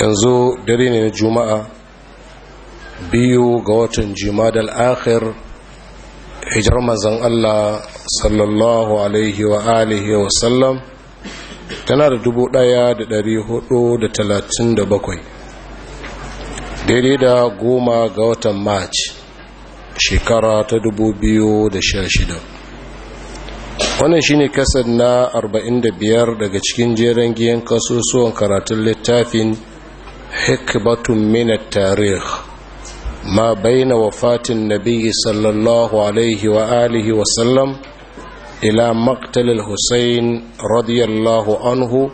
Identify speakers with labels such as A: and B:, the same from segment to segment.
A: yanzu dare ne na juma'a biyu ga watan jimadal akhir hijar mazan Allah sallallahu alaihi wa alihi wa sallam tana da dubu daya da dari hudu da talatin da bakwai daidai da goma ga watan march shekara ta dubu biyu da sha shida wannan shine kasar na 45 daga cikin jeren giyan kasusuwan karatun littafin hikbatun minat tarih ma baina wafatin nabi sallallahu alaihi wa alihi wa sallam ila maktalil hussein radiyallahu anhu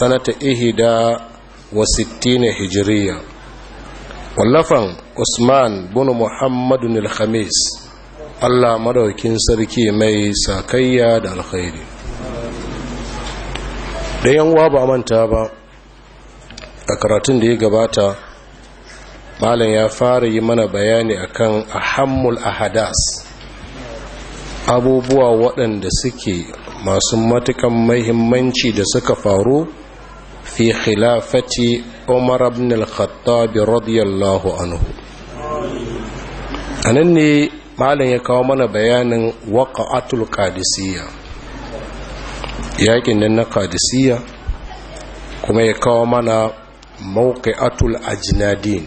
A: sanata ihida wa sittina hijiriya wallafan usman bin muhammadun al-khamis Allah madaukin sarki mai sakayya da alkhairi da yanwa ba manta ba a karatun da ya gabata malam ya fara yi mana bayani akan ahammul ahadas abubuwa waɗanda suke masu matukan mahimmanci da suka faru fi khilafati umar ibn al-khattab radiyallahu anhu anan ne Malam ya kawo mana bayanin atul kadisiyya yakin nan na kadisiyya kuma ya kawo mana atul ajinadin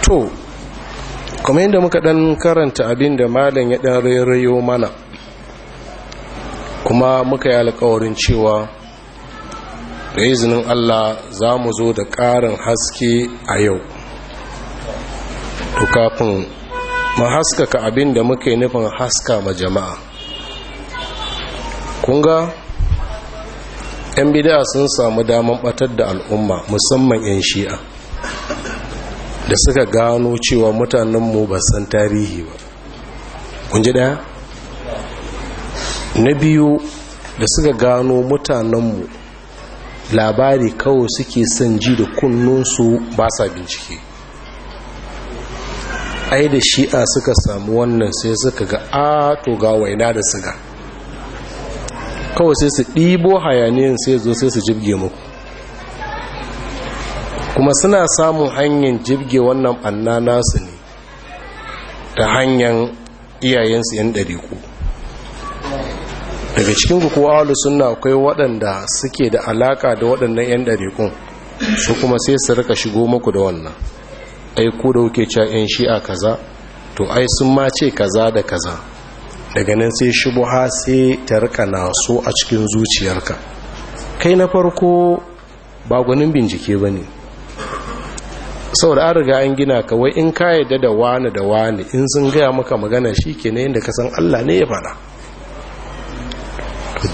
A: to kuma yadda muka dan karanta abin da malin ya dan rairayo mana kuma muka yi alkawarin cewa da izinin Allah za mu zo da ƙarin haske a yau to kafin mu haskaka abin da muke nufin haska ma jama'a kunga yan bida sun samu daman batar da al'umma musamman yan shi'a da suka gano cewa mutanenmu ba san tarihi ba kunji daya na biyu da suka gano mutanenmu labari kawai suke son ji da kunnunsu ba sa bincike ai da shi'a suka samu wannan sai suka ga a ga waina da siga kawai sai su ɗibo hayaniyan sai zo sai su jibge muku kuma suna samun hanyar jibge wannan ɓanna nasu ne ta hanyar iyayensu 'yan ku. daga cikin kuwa wadda suna akwai waɗanda suke da alaƙa da waɗannan 'yan ku su kuma sai su rika shigo muku da wannan ai ko da kuke cewa yan shi'a kaza to ai sun ma ce kaza da kaza daga nan sai shubuha sai ta rika na so a cikin zuciyarka kai na farko ba gwanin bincike bane saboda an riga an gina ka wai in ka yadda da wani da wani in sun gaya maka magana shi ke na ka san allah ne ya fada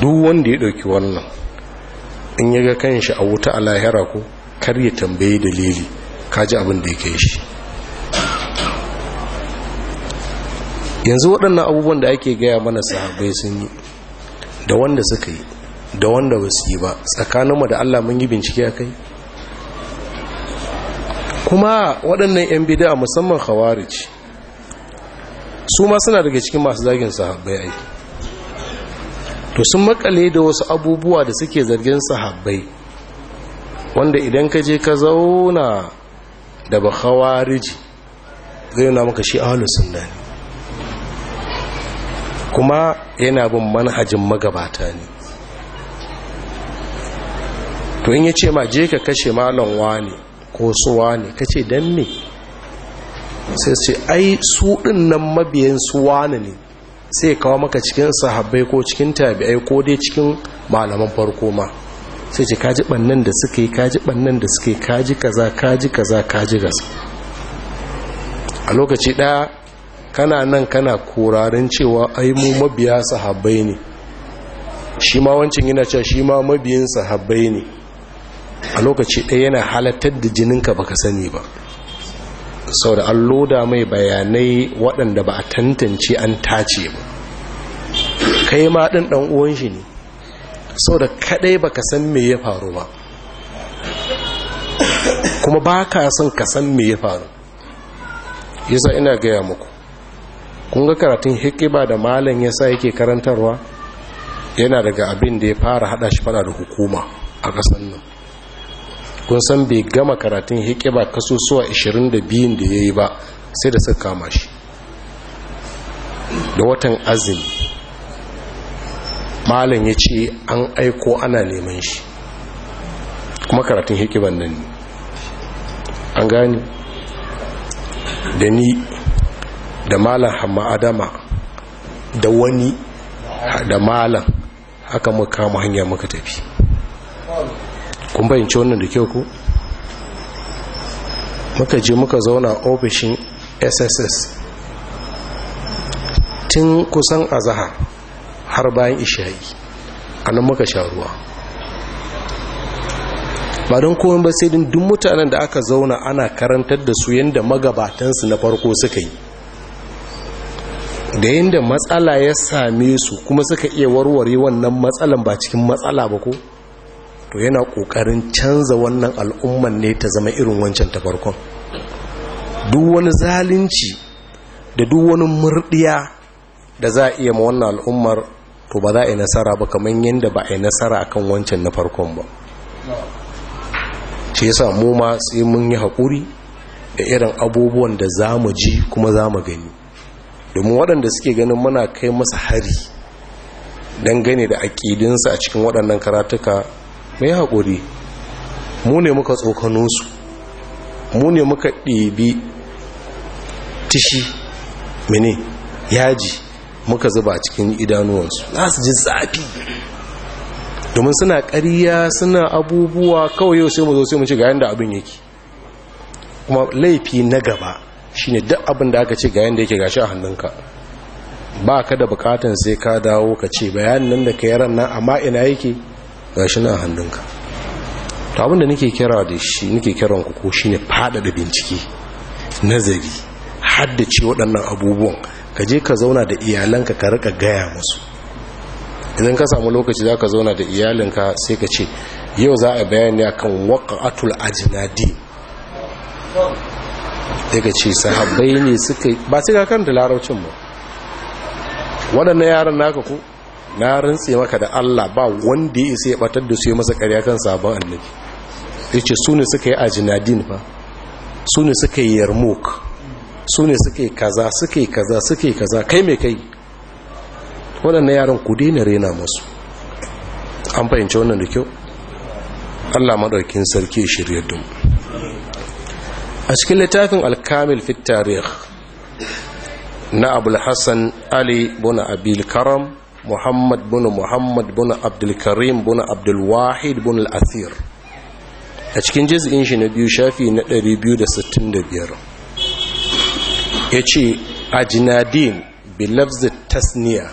A: duk wanda ya ɗauki wannan in ya ga kanshi a wuta a lahira ko kar ya tambayi dalili kaji abin da yake shi yanzu waɗannan abubuwan da ake gaya mana sahabai sun yi da wanda suka yi da wanda ba su yi ba tsakaninmu da allah mun yi bincike a kai kuma waɗannan 'yan bida musamman khawarij su ma suna daga cikin masu zagin sahabbai yi. to sun makale da wasu abubuwa da suke zargin sahabbai wanda idan ka je ka zauna da ba khawariji zai nuna maka shi ahalu sunna ne kuma yana bin manhajin magabata ne to in ya ce ma je ka kashe malon wani ko suwa ne ka ce don me sai sai ai su nan mabiyan suwa ne sai kawo maka cikin sahabbai ko cikin tabi'ai ko dai cikin malaman farko ma sai ce kaji bannan da suka yi kaji bannan da suka yi kaji kaza kaji kaza kaji gaza a lokaci ɗaya kana nan kana korarin cewa ai mu mabiya sahabbai ne shi ma wancin yana cewa shi ma mabiyin sahabbai ne a lokaci ɗaya yana halattar da jininka baka sani ba sau da an loda mai bayanai waɗanda ba a tantance an tace ba kai ma ɗan ɗan uwan shi ne sau da kadai baka san me ya faru ba kuma ba ka son ka san me ya faru yasa ina gaya muku kun ga karatun hikiba da malam sa yake karantarwa yana daga abin da ya fara hada shi fada da hukuma a kasan nan kun san bai gama karatun hikiba kasusuwa 22 da ya yi ba sai da suka kama shi da watan azumi malam ya ce an aiko ana neman shi kuma karatun hikiman nan an gani da ni da malam hamma adama da wani da malam haka muka kama hanya muka tafi kun bayanci wannan da kyau ku muka je muka zauna ofishin sss tun kusan azahar har bayan isha'i a nan muka sha ruwa ba don komai ba sai din duk mutanen da aka zauna ana karantar da su yadda magabatansu na farko suka yi da yadda matsala ya same su kuma suka iya warware wannan matsalan ba cikin matsala ba ko to yana ƙoƙarin canza wannan al'umman ne ta zama irin wancan ta farkon duk wani zalunci da duk wani murdiya da za a iya ma wannan al'ummar to ba za a yi nasara ba kamar yadda ba a yi nasara akan wancan na farkon ba ce yasa mu ma sai mun yi haƙuri da irin abubuwan da za mu ji kuma za mu gani domin waɗanda suke ganin muna kai masa hari don dangane da aƙidinsu a cikin waɗannan karatuka mai haƙuri mu ne muka tsokano su mu ne muka ɗebi tishi mini yaji muka zuba cikin idanuwansu za su ji zafi domin suna ƙariya suna abubuwa kawai yau sai mu zo sai mu ci ga yanda abin yake kuma laifi na gaba shine duk abin da aka ce ga yanda yake gashi a hannunka ba ka da bukatan sai ka dawo ka ce bayanin nan da ka yi ran nan amma ina yake gashi na a hannunka to abin da nake kira da shi nake kiran ku ko shine faɗaɗa bincike nazari ce waɗannan abubuwan ka je ka zauna da iyalanka ka rika gaya musu idan ka samu lokaci za ka zauna da iyalinka sai ka ce yau za a bayani akan waƙa'atul ajinadi daga ce sahabbai ne suka yi ba su kan da laraucin mu waɗannan yaran naka ku na rintse maka da Allah ba wanda ya isa ya batar da su yi masa ƙarya kan sabon annabi ya ce su ne suka yi ajinadin fa su ne suka yi yarmouk su ne suke kaza suke kaza suke kaza kai mai kai waɗannan yaran ku daina rena masu an fahimci wannan da kyau allah maɗaukin sarki shirya dum a cikin littafin alkamil fit tarih na abulhassan ali buna abilkaram muhammad buna muhammad buna abdulkarim buna abdulwahid buna al'athir a cikin jiz'in shi na biyu shafi na 265 ya ce ajinadin bilafzi tasniya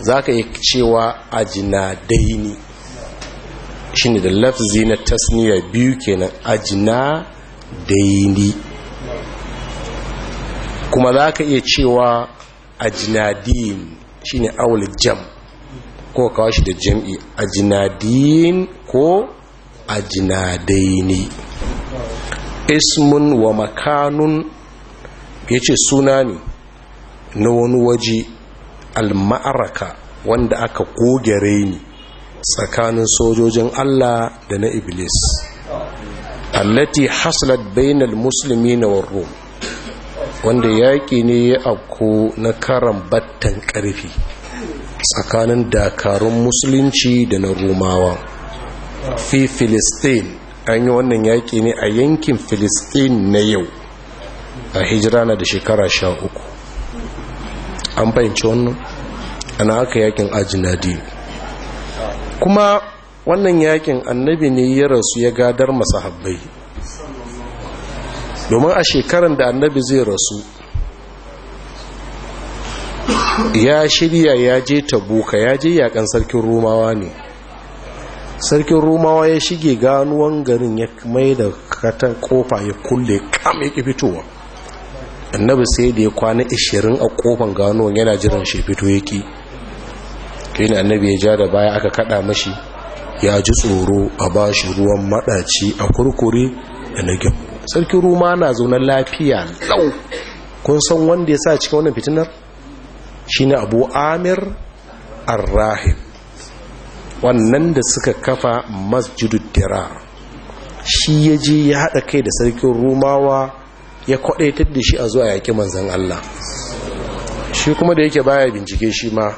A: za ka yi cewa ne shi ne da lafzi na tasniya biyu kenan ni. kuma za ka iya cewa ajinadin shi ne awul jam ko kawo shi da jam'i ajinadin ko ajinadaini ismun wa makanun ya ce suna ne na wani waje alma'araka wanda aka goge raini tsakanin sojojin Allah da na Iblis allati haslat bainal musulmi na warro wanda yaƙi ne ya afko na karan battan ƙarfi tsakanin dakarun musulunci da na rumawa fi filistin an yi wannan yaƙi ne a yankin filistin na yau a hijira na da shekara sha uku an fahimci wannan ana aka yakin ajinadi kuma wannan yakin annabi ne ya rasu ya gadar masahabbai domin a shekarar da annabi zai rasu ya shirya ya je tabuka ya je yakan sarkin romawa ne sarkin romawa ya shige ganuwan garin ya mai da katan kofa ya kulle kam ya fitowa annabi sai da ya kwana 20 a kofan gano yana jiran shi fito yake kai ne annabi ya ja da baya aka kada mashi ya ji tsoro a bashi ruwan madaci a kurkure da nage sarki ruma na zaunar lafiya lau kun san wanda ya sa cikin wannan fitinar shine abu amir arrahim wannan da suka kafa masjidu dirar shi ya je ya haɗa kai da sarkin rumawa ya kwadaitar da shi a zuwa yaƙi manzan Allah shi kuma da yake baya bincike shi ma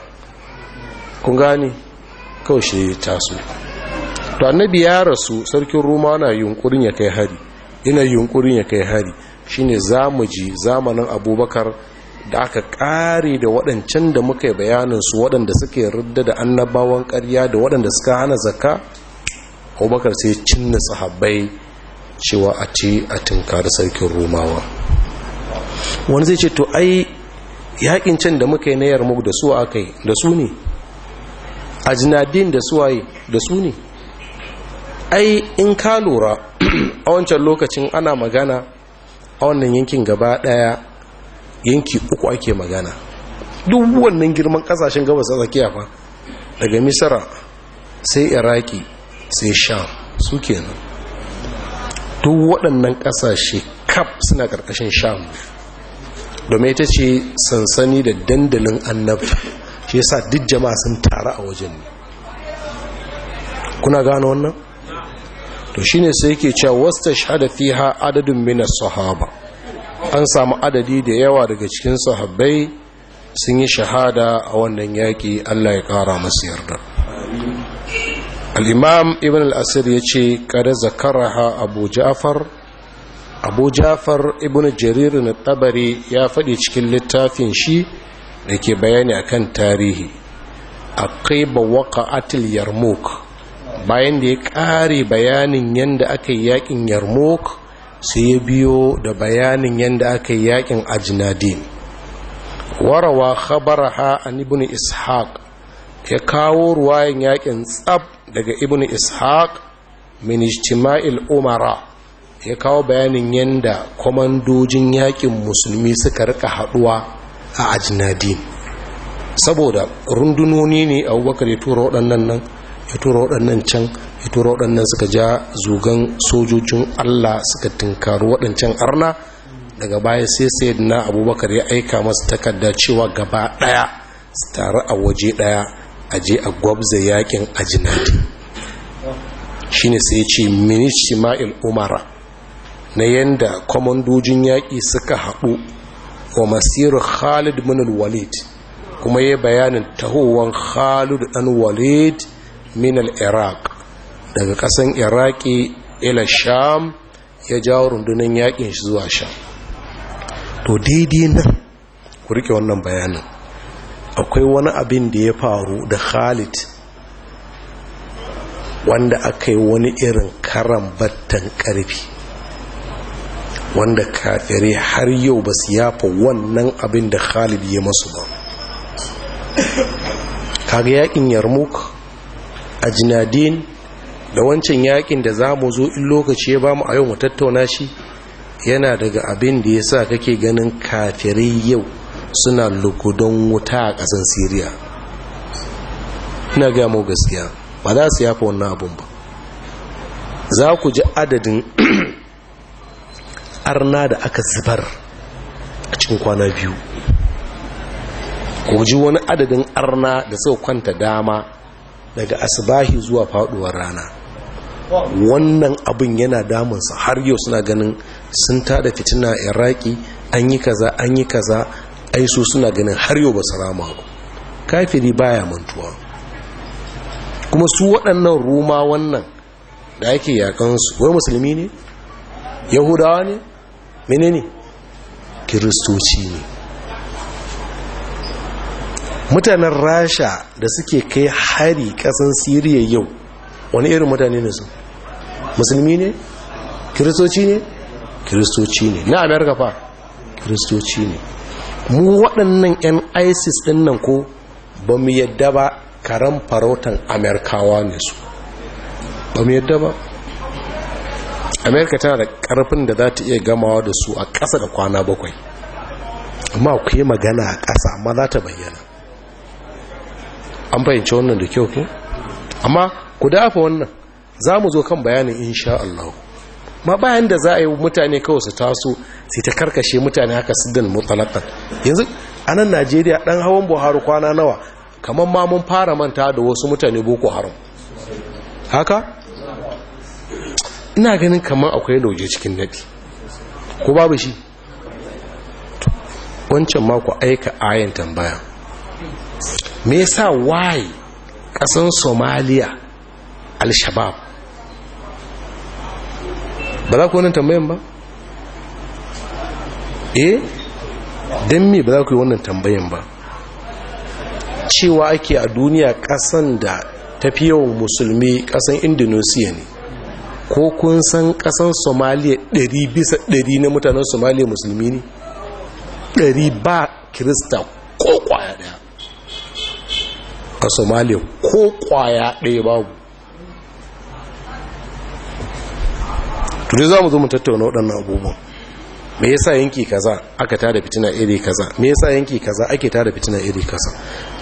A: kun gani kaushe shi taso to annabi ya rasu sarkin roma na yunkurin ya kai hari ina yunkurin ya kai hari shine zamu ji zamanin abubakar da aka kare da waɗancan da muka yi bayanin su waɗanda suke rudda da annabawan ƙarya da waɗanda suka hana zakka abubakar sai cinna sahabbai cewa a ce a tunkar sarkin romawa wani zai ce to ai yakin can da muka yi na 'yarmu da su aka yi da su ne a jinadin da suwaye da su ne ai in ka lura a wancan lokacin ana magana a wannan yankin gaba daya yanki uku ake magana duk wannan girman kasashen gabas tsakiya fa daga misira sai iraki sai sham su kenan duk waɗannan ƙasashe kaf suna ƙarƙashin sham domin ita ce sansani da dandalin annabta shi yasa duk jama'a sun taru a wajen ne kuna gano wannan to shine sai yake cewa wasta shahada fiha adadun min sahaba an samu adadi da yawa daga cikin sahabbai sun yi shahada a wannan yaki Allah ya ƙara masu yarda al'imam ibn al'asir ya ce kada ha abu ja'far abu ja'far ibn jarir na tabari ya faɗi cikin littafin shi da ke bayani akan tarihi a kai ba waka atil yarmouk bayan da ya ƙare bayanin yadda aka yi yakin yarmouk sai ya biyo da bayanin yadda aka yi yakin ajinadin warawa khabaraha an ibn ishaq ya kawo ruwayan yakin tsab daga ibn ishaq min ijtima'il umara ya kawo bayanin yadda kwamandojin yakin musulmi suka rika haduwa a ajnadin saboda rundunoni ne abubakar ya tura waɗannan nan ya tura waɗannan can ya tura waɗannan suka ja zugan sojojin allah suka tunkaru waɗancan arna daga baya sai na abubakar ya aika masu takarda cewa gaba ɗaya su taru a waje ɗaya a je a gwabza yakin ajinat shine sai ce minich Umar umara na yadda kwamandojin yaƙi suka haɓu wa masiru khalid bin walid kuma ya bayanin tahowan khalid dan walid min iraq daga ƙasan iraki ila sham ya jawo rundunar yaƙin shi zuwa sham to daidai nan ku rike wannan bayanin akwai wani abin da ya faru da khalid wanda aka yi wani irin karan battan karfi wanda kafirai har yau ba su yafa wannan abin da khalid ya masu ba kaga yakin Yarmuk, a jinadin da wancan yakin da za mu zo in lokaci ya ba mu a yau mu tattauna shi yana daga abin da ya sa kake ganin kafirai yau suna lukudon wuta a ƙasan siriya ina gaya mu gaskiya ba za su yafa wannan abun ba za ku ji adadin arna da aka zubar a cikin kwana biyu ku ji wani adadin arna da suka kwanta dama daga asibahi zuwa faduwar rana wannan abin yana damunsa har yau suna ganin sun tada fitina iraki an yi kaza an yi kaza ai su suna ganin har yau ba su rama ba kafiri baya mantuwa kuma su waɗannan ruma wannan da ake yakansu wai musulmi ne yahudawa ne ne? kiristoci ne mutanen rasha da suke kai hari ƙasan siriya yau wani irin mutane ne su musulmi ne kiristoci ne kiristoci ne na amerika fa kiristoci ne mu waɗannan 'yan isis ɗin nan ko ba mu yadda ba karan farautan amerikawa ne su ba mu yadda ba amerika tana da ƙarfin da za ta iya gamawa da su a ƙasa da kwana bakwai amma ku yi magana a ƙasa amma za ta bayyana an bayyance wannan da kyau ku amma ku dafa wannan za mu zo kan bayanin insha'allahu ma bayan da za a yi mutane kawai su taso sai ta karkashe mutane haka siddan mutalakan yanzu a nan najeriya dan hawan buhari kwana nawa kamar ma mun fara manta da wasu mutane boko haram haka ina ganin kamar akwai lauje cikin nadi ko babu shi wancan mako aika ayan tambaya me yasa why kasan somaliya al-shabab ba za ku wannan tambayan ba eh don me ba za ku yi wannan tambayan ba cewa ake a duniya kasan da tafi yawan musulmi kasan indonesia ne ko kun san kasan somaliya 100 bisa 100 na mutanen somaliya musulmi ne 100 ba kirista ko kwaya daya a somaliya ko kwaya daya babu to za mu zo mu tattauna waɗannan abubuwan me yasa yanki kaza aka tada fitina iri kaza me yasa yanki kaza ake tada fitina iri kaza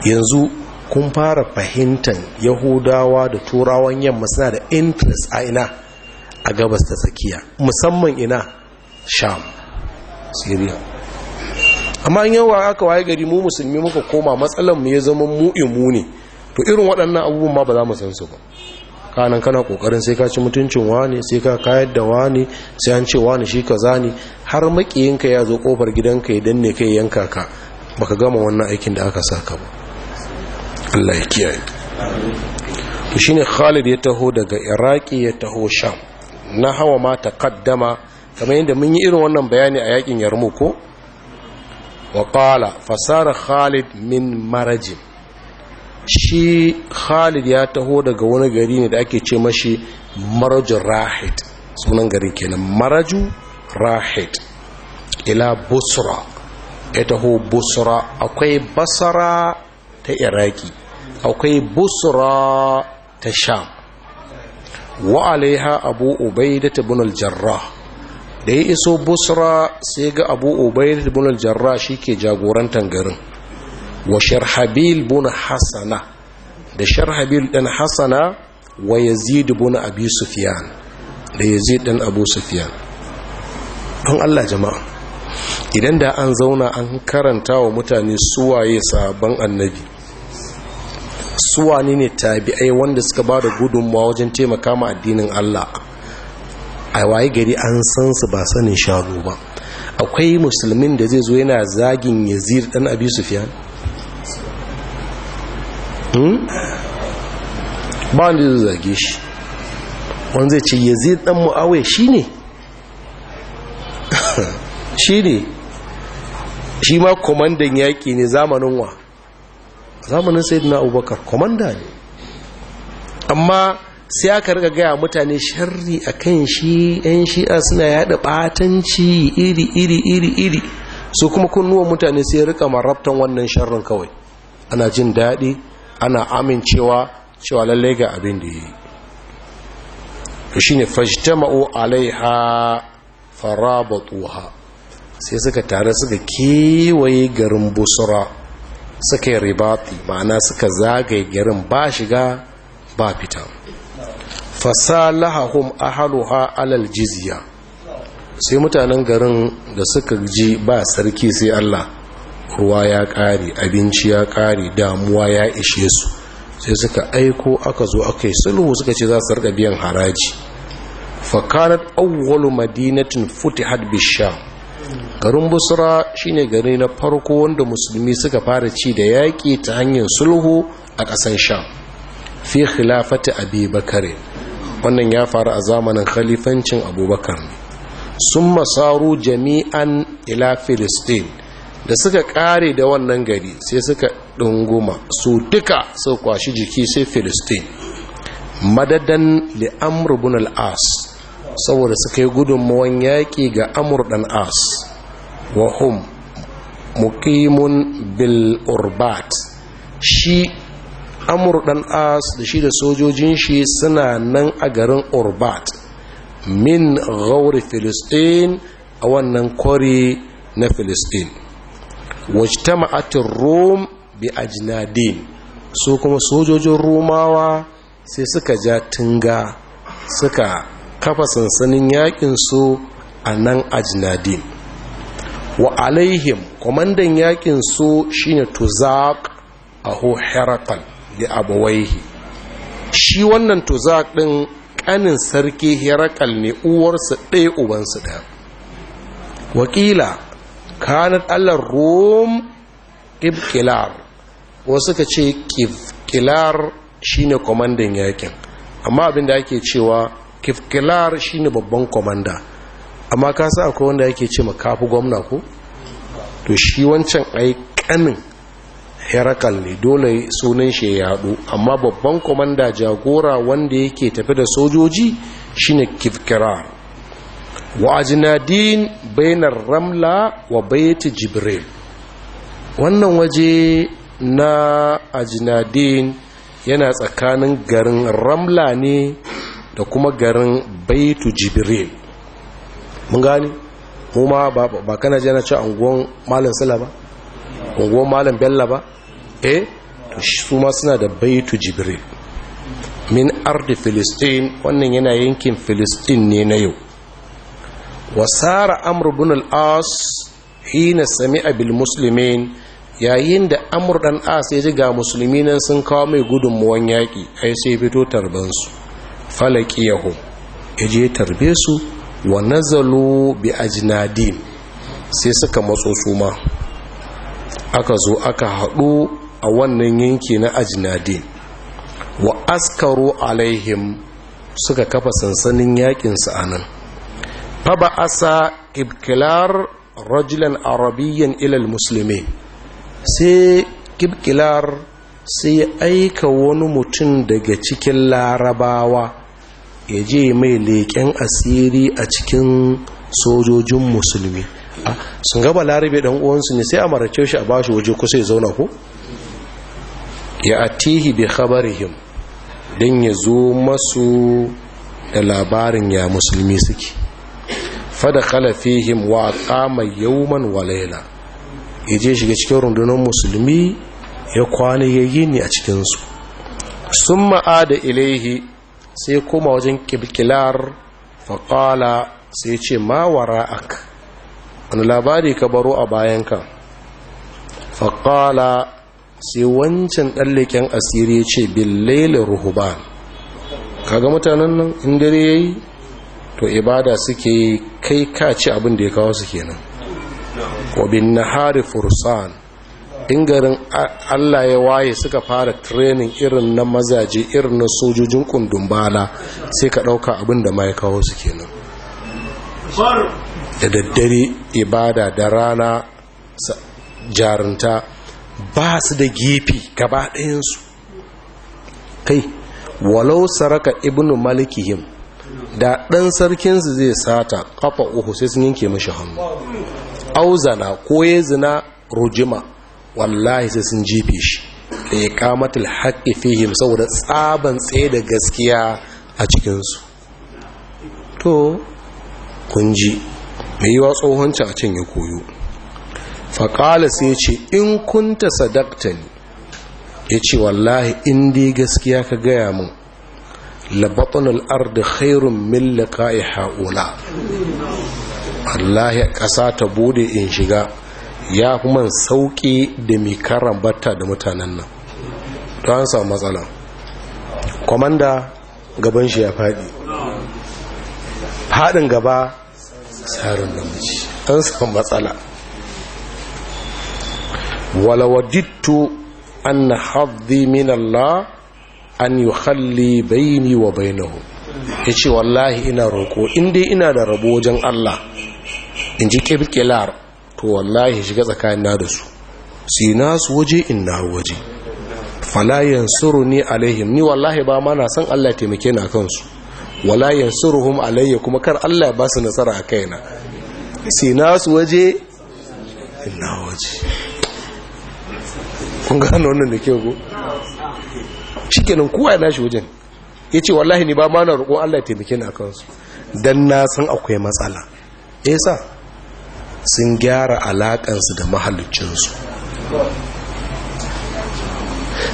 A: yanzu kun fara fahimtan yahudawa da turawan yamma suna da interest a ina a gabas ta tsakiya musamman ina sham syria amma yawa aka waye gari mu musulmi muka koma matsalar mu ya zama mu ne to irin waɗannan abubuwan ma ba za mu san su ba kanan kana kokarin sai ka ci mutuncin wani sai ka kayar da wani sai an ce wani shi ka zani har makiyinka ya zo kofar gidanka idan ne kai yanka ka baka gama wannan aikin da aka saka ba Allah ya kiyaye to shine Khalid ya taho daga Iraki ya taho Sham na hawa ma kaddama kamar yadda mun yi irin wannan bayani a yakin Yarmouk ko wa qala fasara Khalid min marajin shi khalid ya taho daga wani gari ne da ake ce mashi Maraju rahid sunan garin kenan maraju rahid ila busra ya taho busra akwai basara ta iraki akwai busra ta sham wa alaiha abu ubaidat ta bunal jarrah da ya iso busra sai ga abu ubaidat ibn jarra jarrah ke jagorantar garin wa sharhabil bin hasana da sharhabil din hasana wa yazid bin abi sufyan da yazid din abu sufyan don Allah jama'a idan da an zauna an karanta wa mutane suwaye sabon annabi suwani ne tabi'ai wanda suka ba da gudunmawa wajen taimaka ma addinin Allah a waye gari an san su ba sanin shago ba akwai musulmin da zai zo yana zagin yazid dan abi sufyan Hmm? ba wanda zai zage shi wanda zai ce yanzu dan mu'awai shi ne shi ne shi ma komandan yaƙi ne zamanin wa zamanin sai na abubakar komanda ne amma sai aka riga gaya mutane sharri a kan shi 'yan shi'a suna yada batanci iri iri iri iri su kuma kunnuwan mutane sai rika marabtan wannan sharrin kawai ana jin daɗi ana amincewa cewa lallai ga abin da yi shi ne fashtama'u alaiha farabatuha sai suka tare suka kewaye garin busura suka yi ribati ma'ana suka zagaye garin ba shiga ba fita fasalahahum ahaluha alal jizya sai mutanen garin da suka ji ba sarki sai Allah ruwa ya ƙare abinci ya ƙare damuwa ya ishe su sai suka aiko aka zo aka yi sulhu suka ce za su rika biyan haraji fakanat awwalu madinatin futihat bisha garin busra shine gari na farko wanda musulmi suka fara ci da yaƙi ta hanyar sulhu a kasan sha fi khilafati abi bakare wannan ya faru a zamanin khalifancin abubakar sun masaru jami'an ila filistine da suka kare da wannan gari sai suka dunguma su duka su kwashi jiki sai filistin madadan da amur bin al'as saboda suka yi gudunmawan yaƙi ga amurdan as wa hum mukimun bil urbat shi amurdan ɗan as da shi da sojojin shi suna nan a garin urbat min gauri filistin a wannan kwari na filistin wajtama'atir rum bi ajnadin su kuma sojojin romawa sai suka ja tunga suka kafa sansanin yakin a nan ajnadin wa alaihim kwamandan yaƙin su shine tuzak aho herakal da abawaihi shi wannan tuzak din kanin sarki herakal ne uwarsa ɗaya ubansu ɗaya wakila kanat allar rom ƙibƙilar wasu ka ce kifkilar shine kwamandan yakin amma abinda ake cewa ƙibƙilar shine babban kwamanda amma ka sa akwai wanda yake ce makafi gwamna ko to shi wancan ai kanin herakal ne dole sunan shi ya yaɗu, amma babban kwamanda jagora wanda yake tafi da sojoji shine kifkilar. wa bainar ramla wa baiti jibril wannan waje na ajinadin yana tsakanin garin ramla ne da kuma garin baitu jibril mun gani kuma ba kana jana ci unguwan malin sila ba unguwan malin bella ba eh su ma suna da baitu jibril min ardi filistin wannan yana yankin filistin ne na yau wasara amr ibn al-as hina sami'a bil yayin da amr dan as ya ji ga musulmi nan sun kawo mai gudunmuwan yaki ai sai fito tarban su falaqiyahum yaje tarbe su wa nazalu bi ajnadin sai suka matso su ma aka zo aka haɗu a wannan yanki na ajinadin wa askaro alaihim suka kafa sansanin yakinsu a nan faba'asa kibkilar rajulan arabiyyan ilal musulmi sai kibkilar sai ya aika wani mutum daga cikin larabawa ya je mai leƙen asiri a cikin sojojin musulmi sun gaba larabe ɗan uwansu ne sai a marace a bashi waje kusa ya zauna ko ya atihi bi khabarihim don ya zo masu da labarin ya musulmi suke fada fihim wa kama yauman walaila ya je shiga cikin rundunar musulmi ya kwana ya yini a cikinsu sun ma'ada ilaihi sai kuma wajen kibkilar faƙala sai ce ma wara'ak wani labari ka baro a bayan ka? faƙala sai wancan ɗalliken asiri ce billele ruhuban kaga mutanen nan in dare ya yi to ibada suke kai kaci abin da ya kawo su kenan wabin nahari fursan in garin allah ya waye suka fara training irin na mazaje irin na sojojin kundin bala sai ka ɗauka abin da ma ya kawo su kenan da daddare ibada da rana jarunta ba su da gefe gaba ɗayansu kai walau saraka ibnu malikihim da ɗan sarkinsu zai sata kafa uku sai sun yanke mashi hannu auzana ko ya zina rujima wallahi sai sun jefe shi da ya kamatul haƙƙi fihim saboda tsaban tsaye da gaskiya a cikinsu to kunji mai yi wa tsohon can ya koyo faƙala sai ce in kunta sadakta ne ya ce wallahi in dai gaskiya ka gaya mun labatun al'arda khairun min liqa'i haula wallahi ƙasa ta bude in shiga ya kuma sauki da mai karambata da mutanen nan To an samu matsala kwamanda gaban shi ya faɗi faɗin gaba tsarin namiji an samu matsala walawadittu an na haɗi min Allah an yi halli bayani wa bainahu ya ce wallahi ina roƙo inda ina da rabu wajen Allah in ji kebikelar to wallahi shiga tsakanina da su si nasu waje in na waje falayen suru ni alaihim ni wallahi ba ma na san Allah taimake na kansu walayen suruhum alayya kuma kar Allah ya ba su nasara a kaina si nasu waje in na waje kun gano wannan da ke go shikenan kowa ya nashi wajen ya ce wallahi ne ba ma na roƙon Allah ya taimake ni akan su dan na san akwai matsala ya sa sun gyara alaƙansu da mahallicin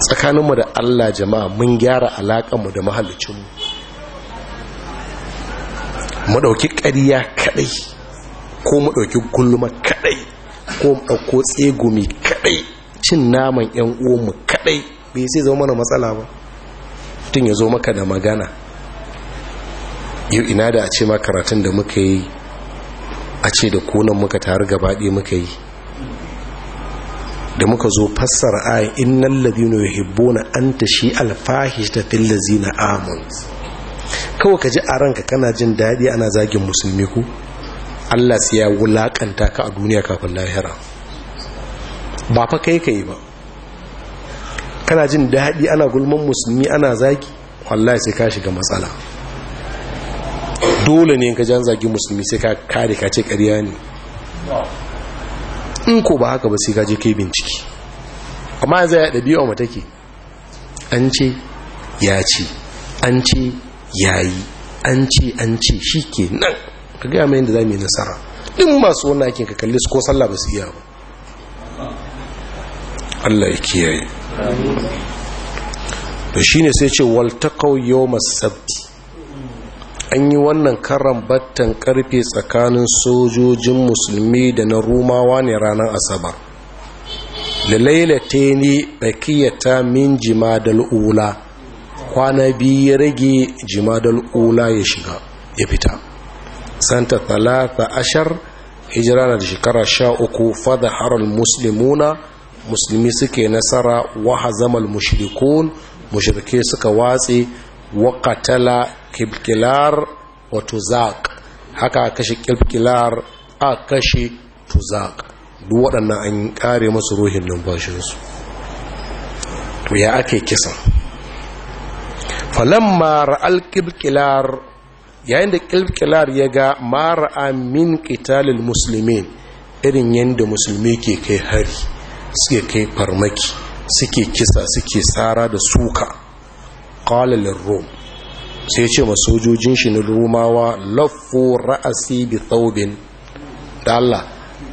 A: tsakaninmu da Allah jama'a mun gyara alaƙanmu da mahallicin mu mu dauki ƙarya ko mu ɗauki gulma kaɗai ko mu ɗauko tsegumi kaɗai cin naman yan uwan mu bai sai zama mana matsala ba mutum ya zo maka da magana yau ina da a ce ma da muka yi a ce da kunan muka taru gabaɗe muka yi da muka zo fassara ayin innan labinu ya hibbo na an ta shi alfahis ta filazi na amon kawai ka ji a ranka kana jin daɗi ana zagin musulmi ku allah ya wulaƙanta ka a duniya kafin lahira ba fa kai ka yi ba kana jin daɗi ana gulman musulmi ana zaki wallahi sai ka shiga matsala dole ne ka jan zagi musulmi sai ka kare ka ce ƙarya ne in ko ba haka ba sai ka je kai bincike amma yanzu ya ɗabi'a mu take an ce ya ce an ce ya yi an ce an ce shi ke nan ka gaya mai yadda za mu yi nasara ɗin masu wani ake ka kalli su ko sallah ba su iya ba Allah ya kiyaye to shine sai ce waltakau yawmas sabti an yi wannan karan battan karfe tsakanin sojojin musulmi da na rumawa ne ranar asabar lalailata ne bakiyata min jimadal ula kwana biyu ya rage jimadal ula ya shiga ya fita santa talata ashar hijira na shekara sha uku fada harar musulmuna musulmi suke nasara wa hazamal mushrikun mushrike suka watse wa katala kibkilar wa tuzaq haka kashe kibkilar a kashe tuzaq duk waɗannan an kare masu ruhin numfashinsu to ya ake kisan falamma ra'al kibkilar yayin da kibkilar ya ga mara min qitalil muslimin irin yadda musulmi ke kai hari suke kai farmaki suke kisa suke tsara da suka ƙalalin rom sai ce ma sojojin shi na romawa laffo ra'asi bi tsaubin da Allah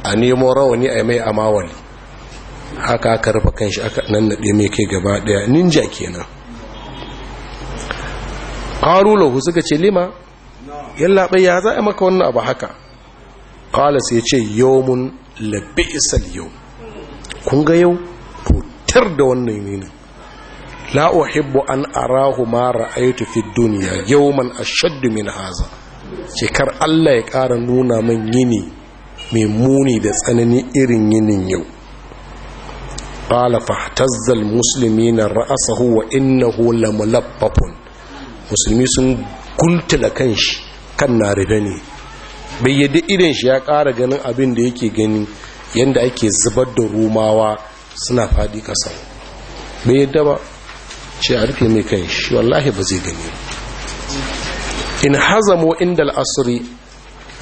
A: a nemo rawani a mai amawali haka aka rufe kanshi aka nannaɗe mai kai gaba ɗaya ninja kenan ƙaru lahu suka ce lima yalla bai ya za a maka wannan abu haka ƙala sai ce yawmun labi isal yau kun ga yau tutar da wannan yinin la uhibbu an arahu ma ra'aytu fi yau man ashaddu min haza shekar Allah ya ƙara nuna min yini mai muni da tsanani irin yinin yau qala musulmi na ra'sahu wa innahu lamulabbafun musulmi sun guntula shi kan na ribe ne bai yadda idan shi ya ƙara ganin abin da yake gani yadda ake zubar da rumawa suna faɗi ƙasa bai yadda ba ce a rufe mai kan shi wallahi ba zai gani in hazamo inda al'asuri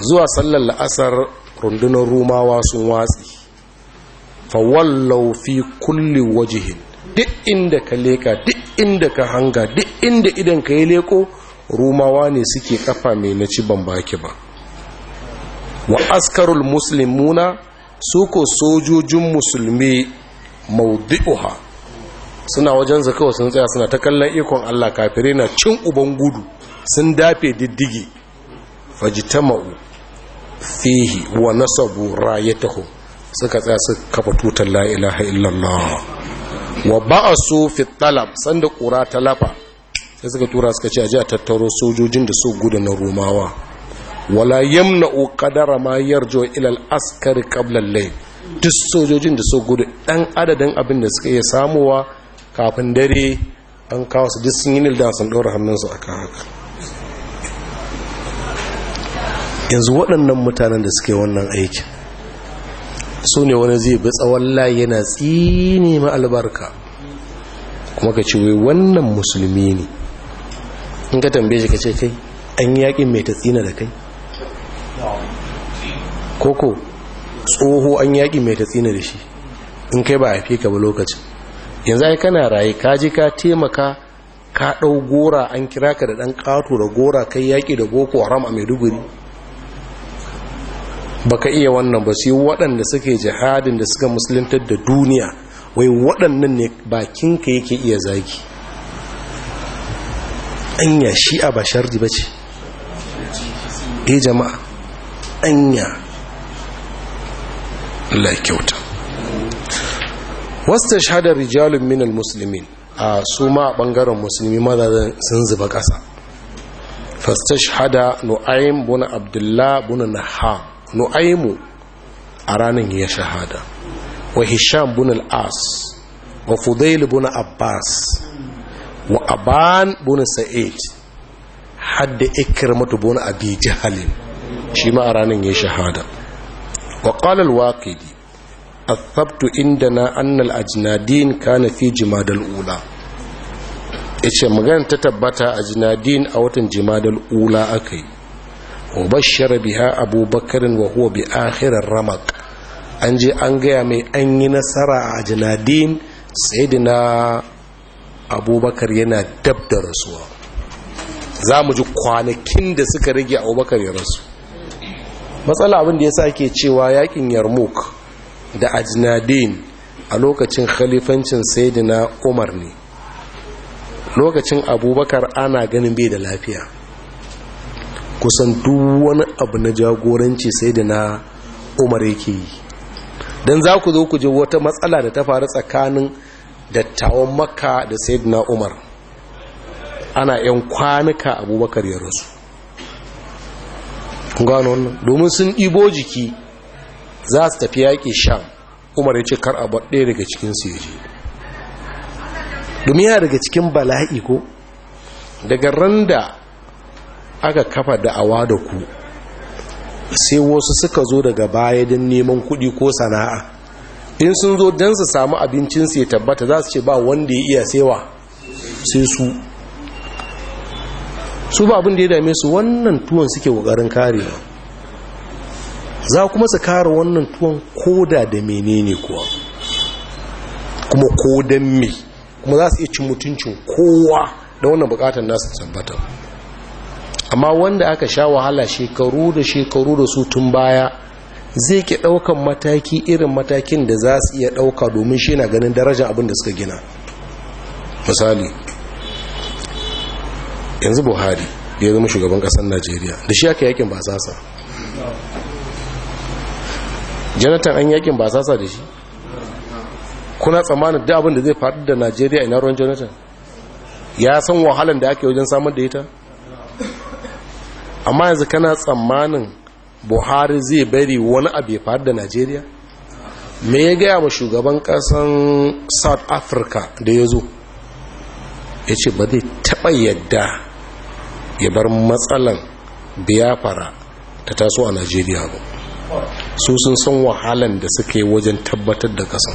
A: zuwa sallar la'asar rundunar rumawa sun watsi fawallau fi kulli wajihin duk inda ka leka duk inda ka hanga duk inda idan ka yi leko rumawa ne suke kafa mai naci ci ban baki ba wa askarul muslimuna su sojojin musulmi maudu'uha suna wajen zakawa sun tsaya suna ta kallon ikon Allah kafire na cin uban gudu sun dafe diddigi fajitama'u fihi wa nasabu rayatahu suka tsaya su kafa tutar la ilaha illallah wa ba'asu fi talab sanda kura talafa sai suka tura suka ce a ji a tattaro sojojin da su gudu na romawa wala yamna'u qadara ma yarjo ila askari qabla lai duk sojojin da so gudu dan adadin abin da suka iya samuwa kafin dare an kawo su duk sun yi nilda sun ɗora hannunsu a haka yanzu waɗannan mutanen da suke wannan aikin su ne wani zai bi tsawon layi yana tsini ma albarka kuma ka ce wai wannan musulmi ne in ka tambaye shi ka ce kai an yaƙin mai ta tsina da kai koko tsoho an yaƙi mai tatsina da shi in kai ba a fi ka ba lokacin yanzu ai kana raye ka je ka taimaka ka ɗau gora an kira ka da ɗan ƙato da gora kai yaƙi da boko haram a maiduguri ka iya wannan ba sai waɗanda suke jihadin da suka musulunta da duniya wai waɗannan ne bakinka yake iya zagi anya shi'a ba shardi ba ce eh, jama'a anya Allah ya kyauta wasu shahada rijalun minal musulmi a su ma a bangaren musulmi mazajen sun zuba ƙasa fastashhada nu'aym buna abdullah buna naham nu'aymu a ranar ya shahada wa hisham buna al'as wa fudail buna abbas wa aban buna sa'id hadda ikrimatu bin buna jahl shi ma a ranar ya shahada wa qala al inda na annal a al-ajnadin kana fi jimadal ula yace magana ta tabbata a ajnadin a watan jimadal ula akai ubashshara biha abubakar wa huwa bi akhir ramak an je an gaya mai an yi nasara a ajnadin sayyidina abubakar yana dab da rasuwa za mu ji kwanakin da suka rage abubakar ya rasu matsala abin da ya sa cewa yakin yarmouk da ajnadin a lokacin khalifancin saidina umar ne lokacin abubakar ana ganin bai da lafiya kusan duk wani abu na jagoranci saidina umar yake yi don za ku zo ku ji wata matsala da ta faru tsakanin dattawan makka da saidina umar ana 'yan kwanuka abubakar ya rasu gano wannan domin sun ɗibo jiki za su tafi yaƙi sham umar ya ce kar a ɗaya daga cikin su ya je domin yana daga cikin bala'i ko daga ran da aka kafa da awa da ku sai wasu suka zo daga baya don neman kuɗi ko sana'a in sun zo don su samu abincinsu ya tabbata za su ce ba wanda ya iya sai su su ba abin da ya dame su wannan tuwon suke kare karewa za kuma su kare wannan tuwon koda da menene kuwa kuma kodan me kuma za su iya cin mutuncin kowa da wannan bukatar nasu tabbata amma wanda aka sha wahala shekaru da shekaru da su tun baya zai ke ɗaukan mataki irin matakin da za su iya ɗauka domin shi na ganin darajar abin da suka gina misali yanzu buhari ya zama shugaban kasar najeriya da shi aka yakin basasa janatan an yakin basasa da shi kuna tsammanin da abin da zai faɗi da najeriya ina ruwan jonathan ya san wahalan da ake wajen samar da ita amma yanzu kana tsammanin buhari zai bari wani abu ya faru da najeriya me ya gaya ma shugaban kasan south africa da ya zo ya ce ba zai taɓa yadda ya bar matsalan biyafara ta taso a najeriya ba su sun san wahalan da suke wajen tabbatar da kasan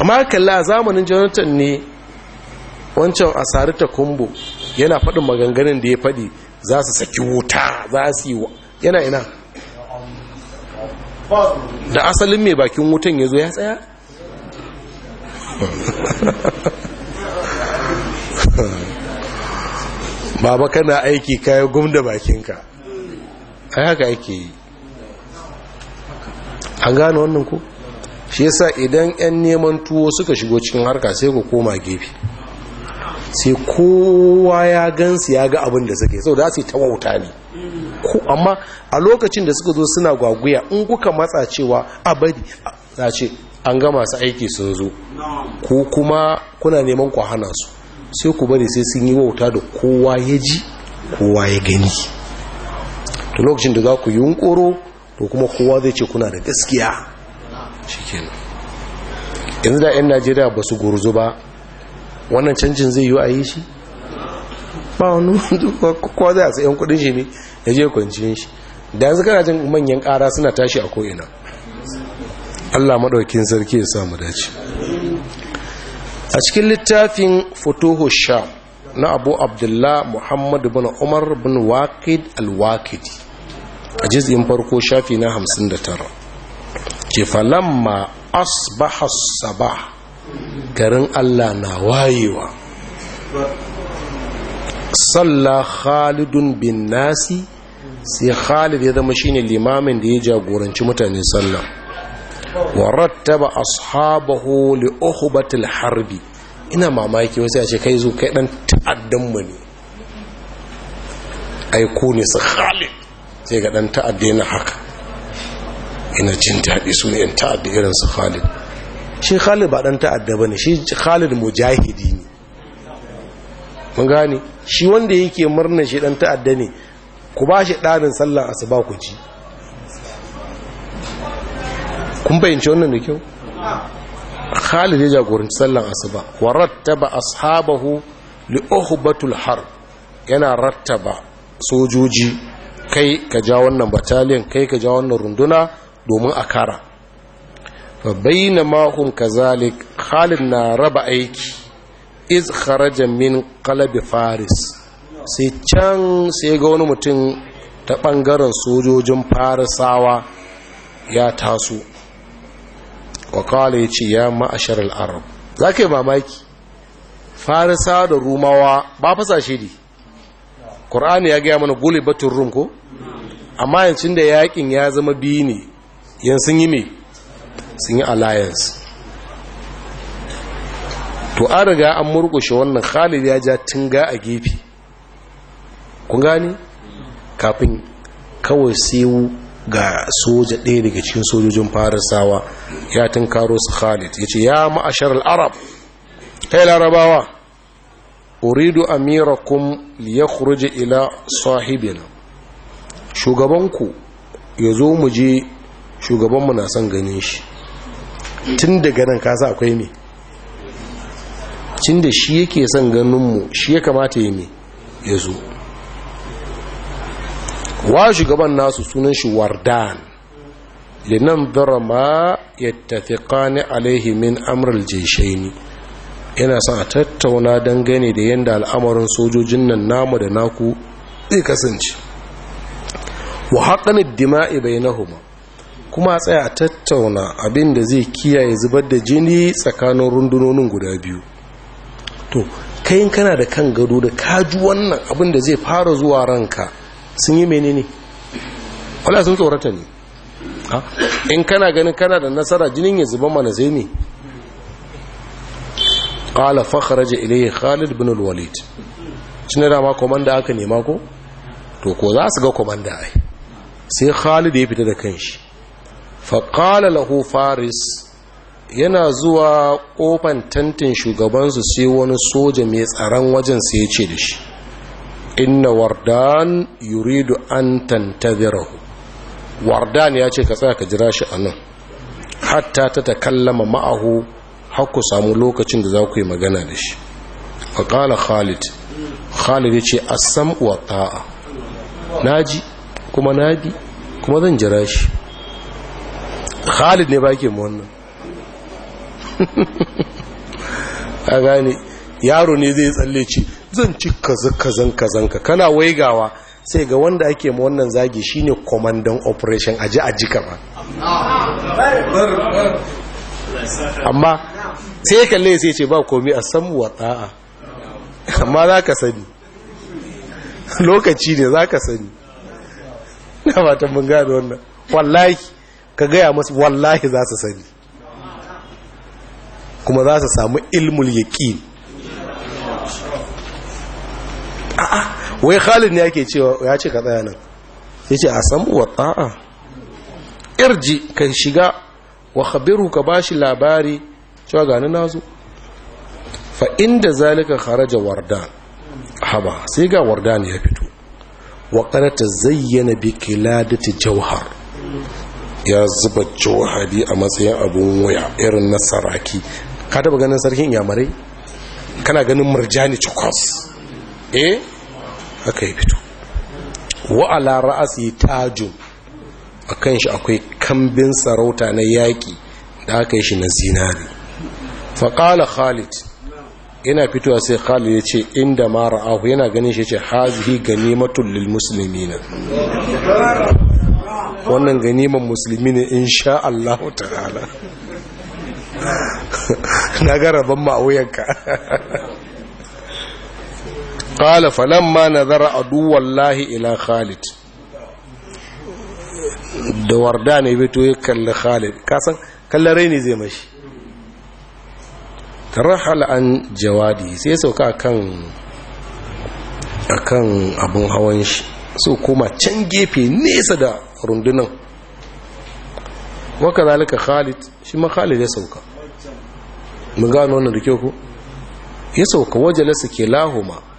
A: amma kalla zamanin jonathan ne wancan asari ta kumbo yana faɗin maganganun da ya faɗi za su saki wuta za su yi yana ina da asalin mai bakin wutan ya zo ya tsaya baba kana aiki kayo gumda bakinka ai haka ake yi an gane wannan ku shi yasa idan 'yan neman tuwo suka shigo cikin harka sai ku koma gefe sai kowa ya gansu ya ga abin da suke sau da su ta wauta ne amma a lokacin da suka zo suna gwaguya in kuka matsa cewa a bari. za ce an gama su aiki sun zo ko kuma kuna neman kwa hana su sai ku bari sai sun yi wauta da kowa ya ji kowa ya gani to lokacin da za ku yi yunkuro to kuma kowa zai ce kuna da gaskiya shikenan yanzu da 'yan najeriya ba su gurzu ba wannan canjin zai yi a yi shi ba wani kowa zai a yan kudin shi ne ya je kwanciyar shi da yanzu kana jin manyan kara suna tashi a ko'ina allah maɗaukin sarki ya samu dace a cikin littafin Fotohu sham na abu abdullah muhammad bin umar bin waqid al-waqidi a jizgin farko shafi na hamsin 59 ke falamma asbaha sabah garin allah na wayewa salla khalidun bin nasi sai khalid ya zama shine limamin da ya jagoranci mutane sallah wa rattaba ashabahu li uhbatil harbi ina mamaki wasu ya ce kai zo kai dan ta'addan mu ne ai ku ne su khalid sai ga dan ta'adda na haka ina jin dadi su ne yan ta'adda irin su khalid shi khalid ba dan ta'adda bane shi khalid mujahidi ne mun gane shi wanda yake murna shi dan ta'adda ne ku ba shi ɗarin sallan asuba ku ji kun bayyance wannan da kyau khalid ya jagoranci sallan asuba wa rattaba ashabahu li uhbatul harb yana rattaba sojoji kai ka ja wannan battalion kai ka ja wannan runduna domin a kara fa ma hum kazalik khalid na raba aiki iz kharaja min qalb faris sai can sai ga wani mutum ta bangaren sojojin farisawa ya taso wa kala ya ce ya ma'ashar al'arab za ka yi mamaki farisa da rumawa ba fasa shi ne ƙorani ya gaya mana gole batun rum ko amma yancin da yakin ya zama biyu ne yan sun yi ne sun yi alliance to an riga an murkushe wannan khalid ya ja tunga a gefe kun gani kafin kawai sai ga soja ɗaya daga cikin sojojin farisawa ya tunkaro su khalid ya ce ya ma'ashar al'arab kai larabawa uridu amirakum ya ila sahibina shugabanku ya zo mu je shugabanmu na son ganin shi tun daga nan kasa akwai me cin da shi yake son ganinmu shi ya kamata yi me ya zo wa shugaban nasu sunan shi wardan linan darama yattafiqani alaihi min amrul jayshaini Ina son a tattauna dangane da yanda al'amarin sojojin nan namu da naku zai kasance wa haƙanin dima'i bai kuma tsaya a tattauna abinda zai kiyaye zubar da jini tsakanin rundunonin guda biyu to kayan kana da kan gado da kaji wannan abin da zai fara zuwa ranka sun yi menene wala sun tsorata ne in kana ganin kana da nasara jinin ya zuba mana zai ne qala fakhraja ilayhi khalid bin walid shine da ma komanda aka nema ko to ko za su ga komanda ai sai khalid ya fita da kanshi fa qala lahu faris yana zuwa kofan tantin shugabansu sai wani soja mai tsaron wajen sai ya ce da shi inna wardan yuridu an tantazirahu wardan ya ce ka tsaya ka jira shi a nan. hatta ta takallama ma'ahu haku samu lokacin da za ku yi magana da shi faƙala khalid khalid ya ce asam wa ta'a ji. kuma na nabi kuma zan jira shi khalid ne ba ke wannan a gane yaro ne zai tsalle ce zan ci kazan kazan ka kana waigawa sai ga wanda ake ma wannan zagi shine commandan operation a ji a ka ba amma sai kalle sai ce ba komi a samu wa ta'a amma za ka sani lokaci ne za ka sani na fata mun da wannan wallahi ka gaya masu wallahi za su sani kuma za su samu ilmul yaƙini wai khalid ne yake cewa ya ce ka tsaya nan ya ce a samu wa irji ka shiga wa khabiru ka ba shi labari cewa gani nazo. fa inda zalika kharaja wardan haba sai ga wardan ya fito wa qarata zayyana bi kiladati jawhar ya zuba jawhari a matsayin abun waya irin na saraki ka taba ganin sarkin yamarai kana ganin murjani chukos eh Akai yi fito wa'ala ra'asi tajun a kan shi akwai kambin sarauta na yaƙi da aka yi shi na zinari faƙala khalid yana fitowa sai khalid ya ce inda mara ahu yana ganin shi ce hazihi ganimatul musulmi na. wannan ganiman musulmi ne sha Allah ta'ala na gara ban ma'awuyanka qala falamma nazara adu wallahi ila khalid da warda ne bito ya kalli khalid kasan kallon rai ne zai mashi tarahal an jawadi sai sauka kan akan abun hawan shi so koma can gefe nesa da rundunan waka zalika khalid shi ma khalid ya sauka mu gano wannan da kyau ku ya sauka waje lasa ke lahoma.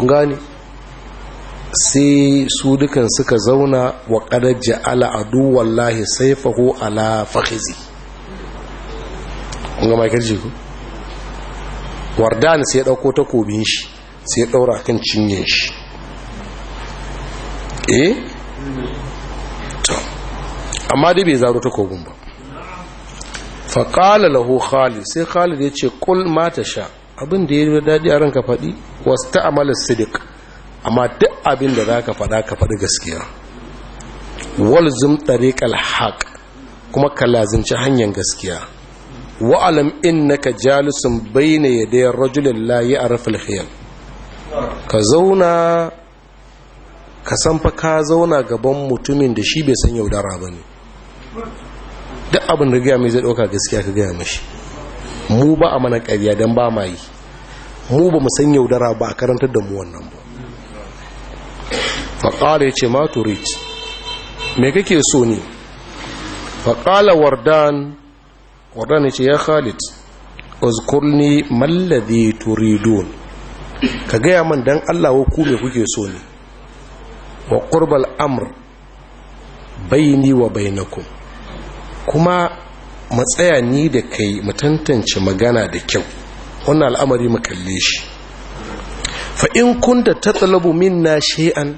A: gani sai su dukan suka zauna wa ƙadar ja'ala a adu wallahi saifahu ala fakhizi kun ga makar jiku wardani sai ya ɗauko takobin shi sai ya ɗaura kan cinye shi eh to amma dai bai zaro takobin ba faƙala lahu khalid sai khalid ya ce kul mata sha abin da ya yi daɗi a ranka faɗi wasu ta'amalar sidik amma duk abin da za ka faɗa ka faɗi gaskiya walzum tariqal haƙ kuma ka lazimci hanyar gaskiya wa'alam ka jalisun bayna yin rajulun layi a al hiyar ka zauna ka san fa ka zauna gaban mutumin da shi bai san yaudara ne duk abin da gaya mai zai dauka gaskiya ka gaya mashi mu ba a mana ƙarya don ba ma yi mu ba mu san yaudara ba a karantar da mu wannan ba faƙala ya ce maturit me kake so ne faƙala wardan wardan ya ce ya khalid uzkurni mallazi turidun ka gaya man don Allah ku me kuke so ne wa ƙurbal amr baini wa bainakun kuma matsaya ni da kai mu tantance magana da kyau wannan al'amari mu kalle shi fa in kun da kunta tatlabu minna shi'an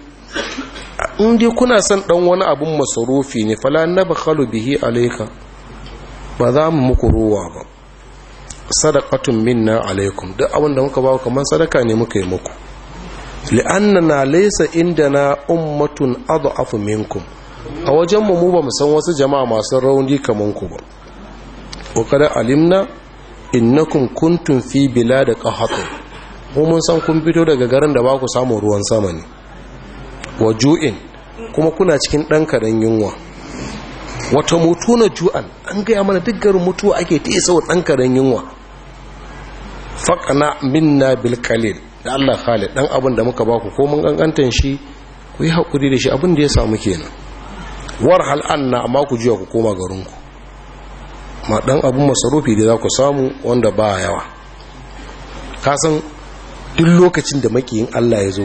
A: in dai kuna son dan wani abin masarufi ne fala nabkhalu bihi alayka ba za mu muku ruwa ba sadaqatun minna alaykum duk abin da muka ba kamar kaman sadaka ne muka yi muku li'annana laysa indana ummatun adhafu minkum a wajen mu mu ba mu san wasu jama'a masu rauni kaman ku ba wa kada alimna innakum kuntum fi bilad qahatun ko mun san kun fito daga garin da ba ku samu ruwan sama ne wa ju'in kuma kuna cikin dan kadan yunwa wata na ju'an an gaya mana duk garin mutuwa ake ta isa wa dan kadan yunwa faqna minna bil qalil da Allah khalid dan abin da muka baku ku ko mun gangantan shi ku yi hakuri da shi abin da ya samu kenan warhal anna amma ku jiya ku koma garinku ma dan abun masarufi da za ku samu wanda ba yawa kasan duk lokacin da makiyin Allah ya zo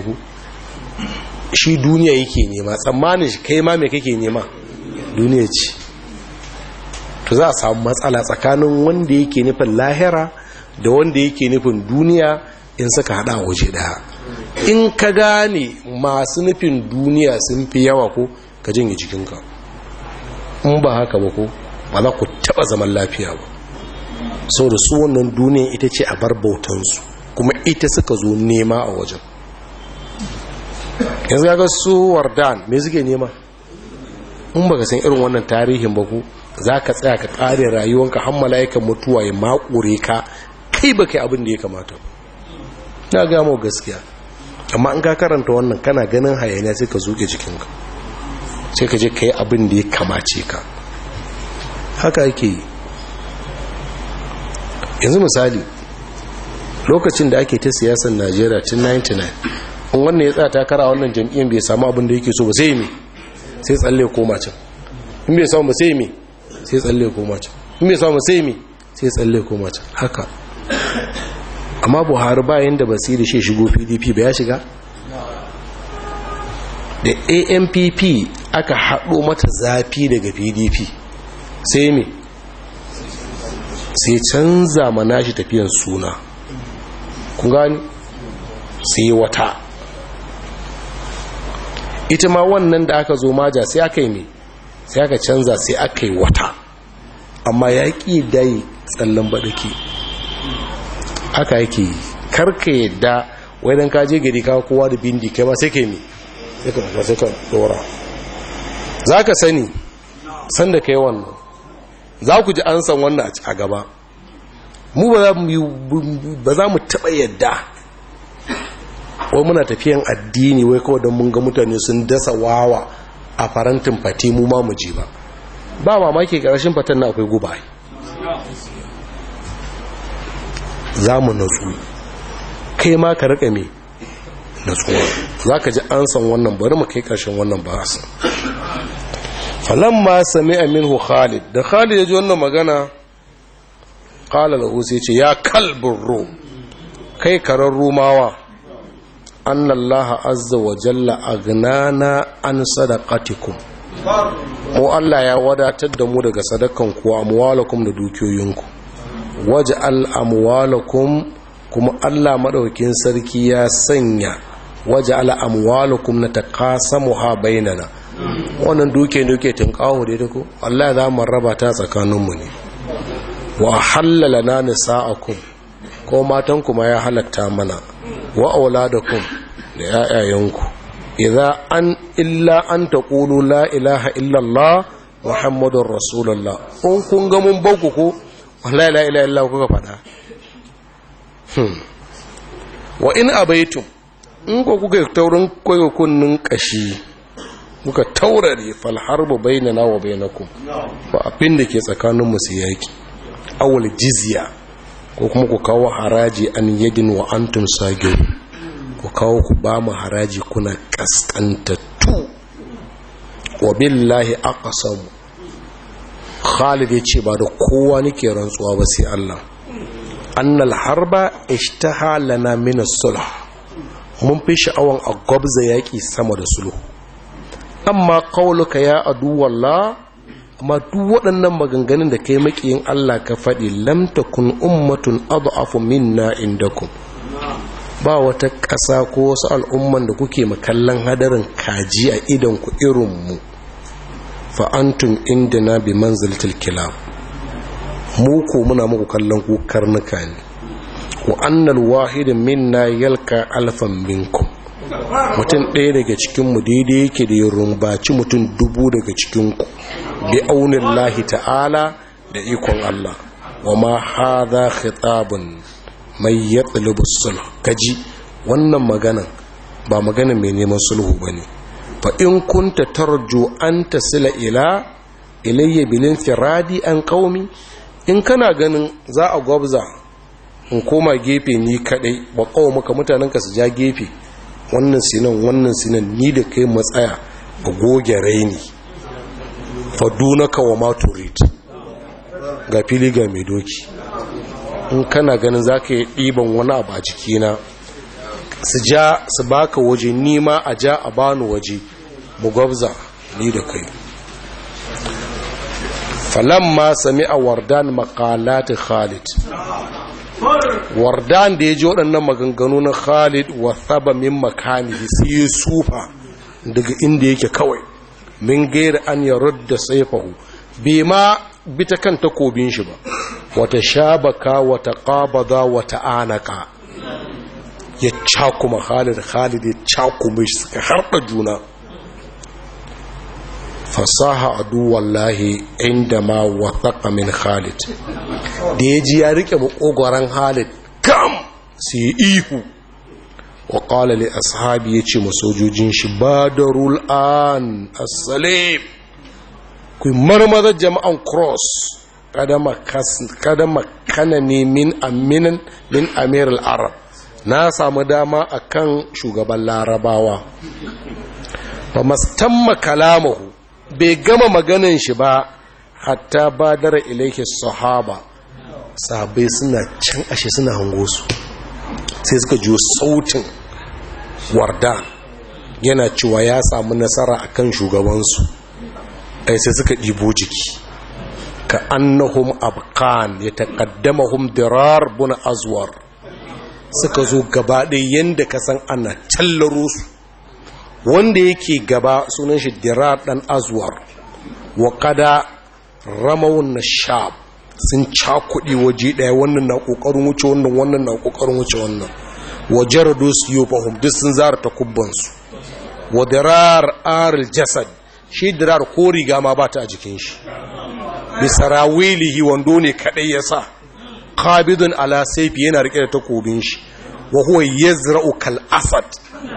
A: shi duniya yake nema tsammanin shi kai ma me kake nema duniya ce to za a samu matsala tsakanin wanda yake nufin lahira da wanda yake nufin duniya in suka hada waje daya in ka gane masu nufin duniya sun fi yawa ko ka janye jikinka in ba haka ba ko ba za ku taɓa zaman lafiya ba saboda su wannan duniya ita ce a bar bautansu kuma ita suka zo nema a wajen yanzu ga su wardan me zuge nema in baka san irin wannan tarihin ba ku za ka tsaya ka ƙare rayuwanka har mala'ikan mutuwa ya makure ka kai ba kai abin da ya kamata na gamo gaskiya amma in ka karanta wannan kana ganin hayaniya sai ka zuke jikinka sai ka je ka yi abin da ya kamace ka haka ake yi yanzu misali lokacin da ake ta siyasar najeriya tun 99 in wannan ya tsaya takara a wannan jam'iyyar bai samu abin da yake so ba sai mai sai tsalle koma can in bai samu ba sai mai sai tsalle koma can in bai samu ba sai mai sai tsalle koma can haka amma buhari bayan da basiri shi shigo pdp ba ya shiga da ampp aka haɗo mata zafi daga pdp sai me sai canza ma nashi tafiyan suna Ku gani sai wata ita ma wannan da aka zo maja sai aka yi me sai aka canza sai aka yi wata amma ya ƙi dai tsallan baɗake haka yake yi karka yadda wai don kaje gari kawo kowa da bindi kai ba sai ka yi me sai ka dora za ka sani sanda ka yi wannan za ku ji an san wannan a gaba mu ba za mu taɓa yadda Ko muna tafiyan addini wai kawai don mun ga mutane sun dasa wawa a farantin fati mu ma mu ji ba ba mamaki ƙarshen fatan na akwai guba za mu natsu kai ma ka riƙa me natsuwa za ka ji an san wannan bari mu kai ƙarshen wannan ba a san sami sami'a hu khalid da khalid ya ji wannan magana qala hu sai ce ya kalbin ro kai karar rumawa lallaha azza wa jalla na an sadaqatikum ko Allah ya wadatar da mu daga sadakan ku amwalakum da dukiyoyinku waj'al amwalakum kuma Allah maɗaukin sarki ya sanya waje na kasa mu nataqasamuha bainana wannan duke duke tun kawo da ko Allah za mu raba ta tsakaninmu ne wa halala na nisa'akum ko matan kuma ya halatta mana wa auladakum da yayayanku idza an illa an taqulu la ilaha illa Allah muhammadur rasulullah kun ga mun bauku ko wallahi la ilaha illa kuka fada hmm. wa in abaitum in ko kuka taurin koyo kunnin kashi muka taurare falharbu nawa na wa bainakum ba abin da ke tsakanin mu su yaki awul jizya ko kuma ku kawo haraji an yadin wa antum sagir ku kawo ku ba mu haraji kuna kaskantattu wa billahi aqsam Khalid ya ce ba da kowa nake rantsuwa ba sai Allah annal harba ishtaha lana min as-sulh mun fi sha'awan a gwabza yaki sama da sulhu amma kawulka ya aduwallah amma duk waɗannan maganganun da kai makiyin Allah ka faɗi lamtakun ummatun adhafu minna indakum ba wata ƙasa ko wasu al'umman da kuke makallan hadarin kaji a idan ku irin mu fa antum bi manzilatil kilab mu ko muna muku kallon ku karnuka ne wa annal wahidin minna yalka alfan minkum mutum ɗaya daga cikinmu daidai yake da ya rumbaci mutum dubu daga cikinku bi aunin lahi ta'ala da ikon Allah wa ma haza khitabun mai ya tsulubu sulh kaji wannan maganan ba maganan mai neman sulhu ba ne fa in ta tarjo an ta sila ila ilayya bilin firadi an qaumi in kana ganin za a gwabza in koma gefe ni kadai wa muka mutanen ka su ja gefe wannan sinan wannan sinan ni da kai matsaya ga goge raini Faduna kawo maturid ga fili ga mai doki in kana ganin za ka yi ɗiban wani abu a jikina su ja su baka waje nima a ja a bani waje mu gwabza ni da kai falamma sami a wardan makalati khalid wardan da ya ji waɗannan maganganu na khalid wa saba min makani sai ya sufa daga inda yake kawai min gairi an ya rudda saifahu bai ma bi ta kan takobin shi ba wata shabaka wata qabada wata anaka ya cakuma khalid khalid ya cakuma shi suka harɗa juna fasaha adu wallahi inda ma wathaqa min khalid da ya ji ya rike makogoran khalid kam sai ihu wa qala li ashabi yace masojojin shi badarul an as-salim ku marmazar jama'an cross kadama ne min aminin min amirul arab na samu dama akan shugaban larabawa ba mastamma kalamahu bai gama maganin shi ba hatta ba dara ilaiki sahaba Sabai suna can ashe suna hango su sai suka ji sautin warda yana cewa ya samu nasara a kan shugabansu ai sai suka ɗibo jiki ka annahum abkan ya taƙaddama hum dirar buna azuwar. suka zo gabaɗe yadda ka san ana tallaro su wanda yake gaba sunan shi dirar dan azwar wa kada ramawun na shab sun kuɗi waje ɗaya wannan na ƙoƙarin wuce wannan wannan na ƙoƙarin wuce wannan wa jaradu su yi fahim duk sun zara ta kubbansu wa dirar aril jasad shi dirar ko riga ma ba ta a jikin shi bisa rawilihi wando ne kaɗai ya sa qabidun ala saifi yana riƙe da takobin shi wa huwa yazra'u kal asad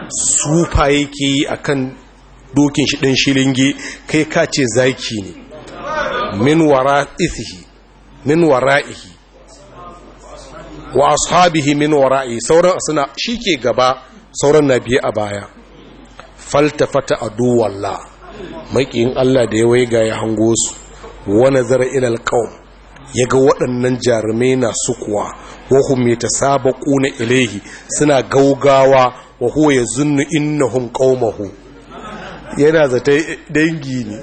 A: sufa yake yi a kan dokin shi ɗin shilingi kai ka ce zaki ne min wara'ihi min wara'ihi wa ashabihi min wara'i sauran suna shi ke gaba sauran na biye a baya faltafata duwalla maƙin Allah da ya waiga ya hango su wani zara ilal qaum ya ga waɗannan jarumai na sukuwa wahun mai ta saba ƙuna ilaihi suna gaugawa wa huwa zunnu innahum qaumahu yana zata dangi ne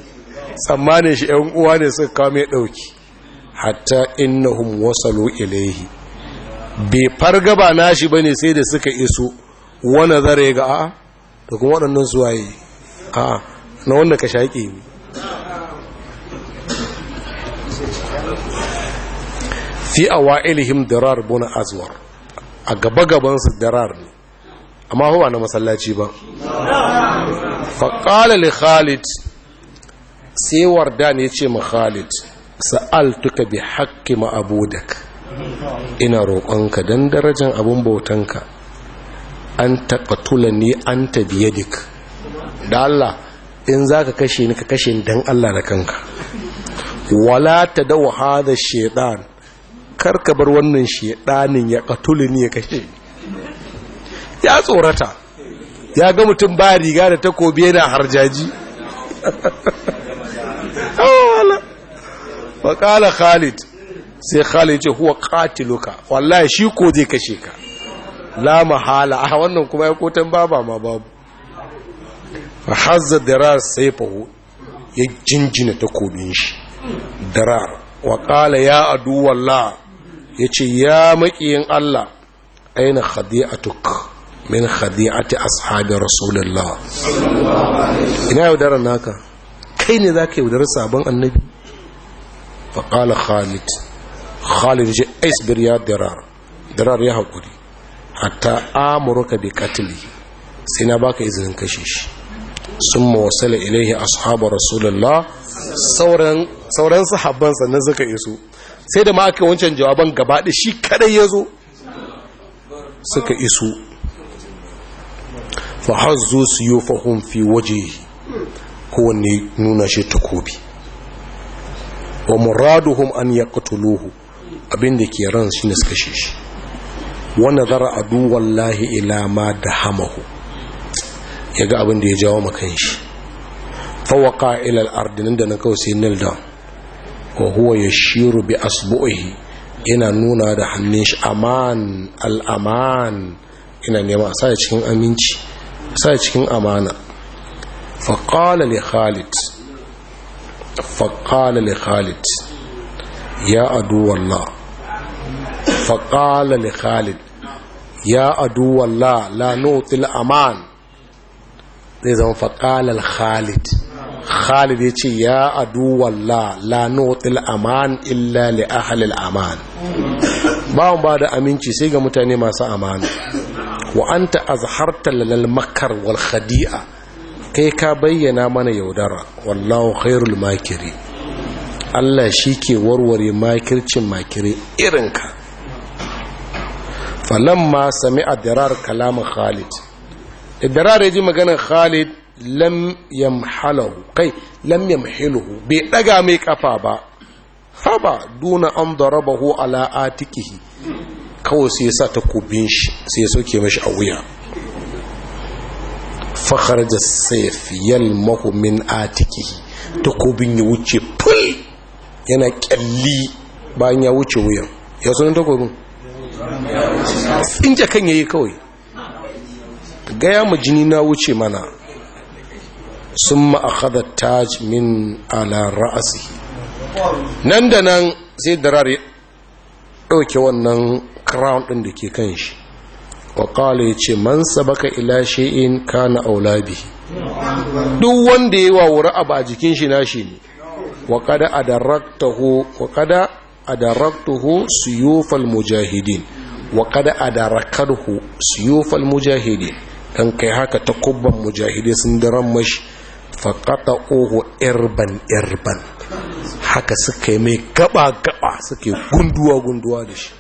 A: tsammanin shi ɗan uwa ne suka kawo mai ɗauki hatta innahum wasalu ilaihi bai nashi ba ne sai da suka iso wani zare ga a'a da kuma waɗannan zuwaye a'a na wanda ka shaƙe ne fi awa'ilihim darar buna azwar a gaba gabansu darar ne amma ba na masallaci ba faƙala li khalid sai wardan ya ce ma khalid sa'altuka bi haqqi ma'budak ina roƙonka dan darajar abin bautanka an taqtulani anta dik da Allah in zaka kashe ni ka kashe ni dan Allah da kanka wala tadaw hada shaytan karka bar wannan shaydanin ya qatulni ya kashe ya tsorata ya ga mutum ba riga da takobi yana harjaji oh, faƙala khalid sai khalid ce huwa katiluka wallahi shi ko zai kashe ka la mahala a ah, wannan kuma ya kotan baba ma babu fahazza dirar sai fahu ya jinjina takobin shi dirar waƙala ya adu wallah ya ce ya maƙiyin allah aina khadi'atuk min khadi'ati ashabi rasulullah ina yaudarar naka kai ne za ka yaudar sabon annabi faƙala khalid khalid shi aisbir ya dirar dirar ya haƙuri hatta amurka bi katili sai na baka izinin kashe shi sun mawasala ilaihi ashabu rasulullah sauran sahabban sannan suka iso sai da ma aka wancan jawaban gaba da shi kadai ya zo suka iso fa hazzu siyufahum fi wajehi kowanne nuna shi takobi wa muraduhum an Abin abinda ke ran shi ne suka shi shi a nazara adu wallahi ila ma ya yaga abin da ya jawo makan shi fa ilal ardinin da na kawai sai nil down wa huwa shiru bi asbu'ihi yana nuna da hannun shi aman al'aman ina nema a sa cikin aminci sa cikin amana faƙala li khalid faƙala li khalid ya aduwallah faƙala li khalid ya aduwallah la nutil aman zai zama faƙala khalid khalid ya ce ya aduwallah la nutil aman illa li ahalil aman mu ba da aminci sai ga mutane masu amana wa anta azharta lal makar wal khadi'a kai ka bayyana mana yaudara wallahu khairul makiri Allah shi ke warware makircin makire irinka ma sami dirar kalamin khalid adirar ya ji maganin khalid lam yamhalahu kai lam yamhiluhu bai daga mai kafa ba haba duna an darabahu ala atikihi kawai sai ya sa takobin shi sai ya soke mashi a wuya fakhar da saif mahumin min atikihi takobin ya wuce ful yana kyalli bayan ya wuce wuyan ya sunan takobin tsinke kan yayi kawai gaya mu jini na wuce mana sun ma'akada taj min ala ra'asi nan da nan sai darar ya ɗauke wannan crown ɗin da ke kan shi kala ya ce man sabaka ila shi'in kana aulabi duk wanda ya wawura abu a jikin shi na shi ne waƙada adaraktuhu siyofal mujahidin waƙada adarakarhu siyofal mujahidin kan kai haka ta kubban mujahidai sun daren mashi faƙaɗa ohu irban irban haka suka yi mai gaba-gaba suka yi gunduwa-gunduwa da shi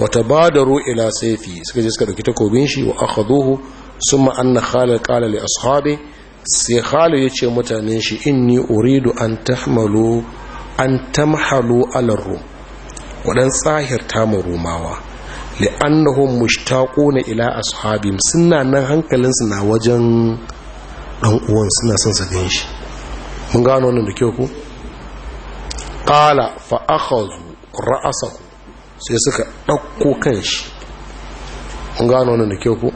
A: wata bada da ila saifi suka je suka dauki takobin shi wa akhaduhu summa anna ma'anna qala kala li ashabi sai khalil ya ce mutanen shi inni uridu an tahmalu an tamhalu alar rum waɗan tsahir tamu rumawa annahum mushtaquna ila ashabim suna nan hankalinsu na wajen dan uwan suna son su gan shi mun gano wannan da kyau ku qala fa akhadhu ra'asahu sai suka ɗauko kan shi an gano wani da kyau ku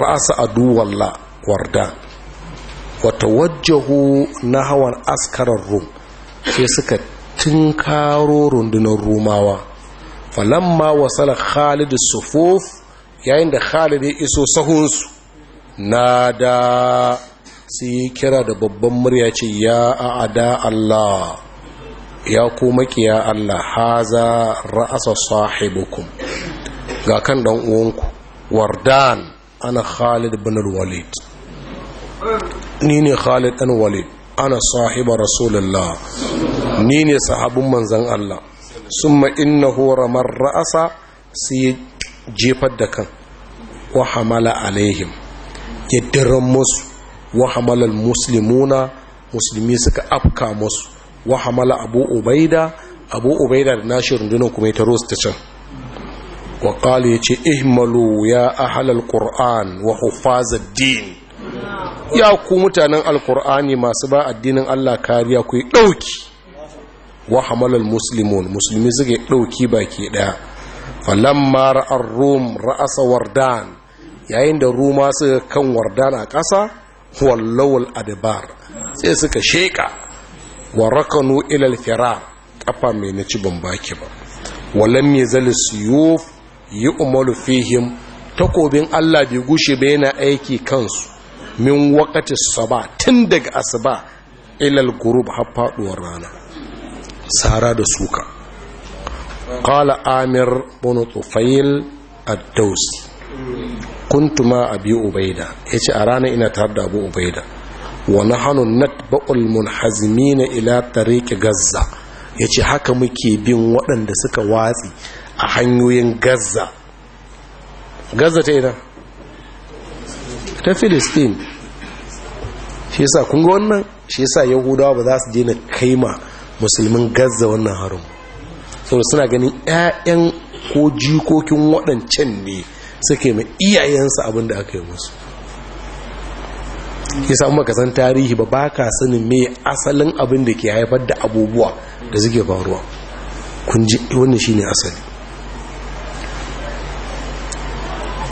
A: ra'asa aduwalla warda wata wajjahu na hawan askarar rum sai suka tinkaro rundunar rumawa falamma wasala khalid sufuf yayin da khalid ya iso sahunsu na da sai kira da babban murya ce ya a'ada allah ya ku makiya Allah haza ra'asa sahibukum ga kan dan uwanku wardan ana Khalid bin Walid ni ne Khalid dan Walid ana sahiba rasulullah ni ne sahabin manzon Allah summa innahu ramar ra'asa sai jefar da kan wa hamala alaihim ya musu wa hamalar musulmuna musulmi suka afka musu wa hamala abu ubaida abu ubaida da nashi rundunar kuma ya taro su ta can wa ya yace ihmalu ya ahlal ƙur'an wa huffaz din ya ku mutanen alqur'ani masu ba addinin Allah kariya ku ɗauki? wa hamalal musulmun, musulmi suke dauki baki ɗaya. falamma ra'ar rum ra'asa wardan yayin da ruma su kan wardan a ƙasa wallawal adbar sai suka sheƙa. warakanu ilal fira, kafa mai na ci ban baki ba walam siyo? Yi umaru fihim takobin Allah bai gushe ba yana aiki kansu min wakati saba tun daga asuba ilal gurub har faduwar rana sara da suka kala amir bin tufail ad-dawsi kuntu abi ubaida yace a rana ina tare da abu ubaida Wani wa nahnu natba'ul munhazimina ila tariq gazza yace haka muke bin waɗanda suka watsi a hanyoyin gazza gazza ta ina ta filistin shi yasa kun ga wannan shi yasa yahudawa ba za su daina kaima musulmin gazza wannan harin saboda suna ganin 'ya'yan ko jikokin waɗancan ne suke mai iyayensa abin da aka yi musu ya samu san tarihi ba baka sanin me asalin abin da ke haifar da abubuwa da suke faruwa kun ji wannan shine asali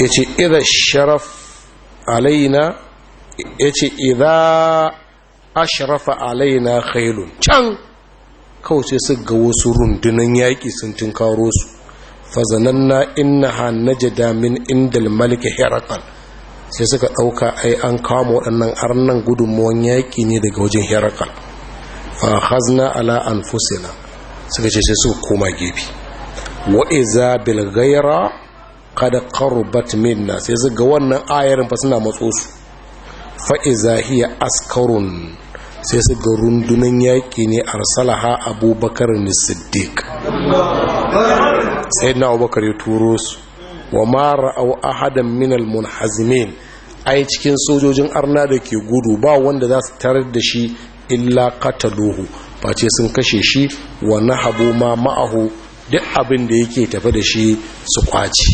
A: yace idha sharaf alaina yace idha ashrafa alaina khailun can kawai sai su ga wasu rundunan yaƙi sun tinkaro su fazananna innaha najada min indal malik herakal sai suka ɗauka ai an kama waɗannan arnan gudunmuwan yaƙi ne daga wajen herakal fa hazna ala anfusina suka ce sai suka koma gefe wa iza bil ghaira qad qarabat minna sai ga wannan ayarin fa suna matso su fa hiya askarun sai su ga rundunan yaƙi ne arsalaha abubakar ni siddiq na abubakar ya turo su wa mara au ahadan minal munhazimin ai cikin sojojin arna da ke gudu ba wanda za su tarar da shi illa qataluhu face sun kashe shi wa nahabu ma ma'ahu duk abin da yake tafi da shi su kwaci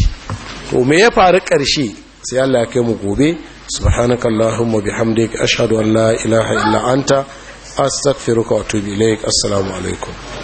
A: to me ya faru ƙarshe sai Allah ya kai mu gobe subhanakallahumma bihamdika ashhadu an la ilaha illa anta astaghfiruka wa atubu ilaik assalamu alaikum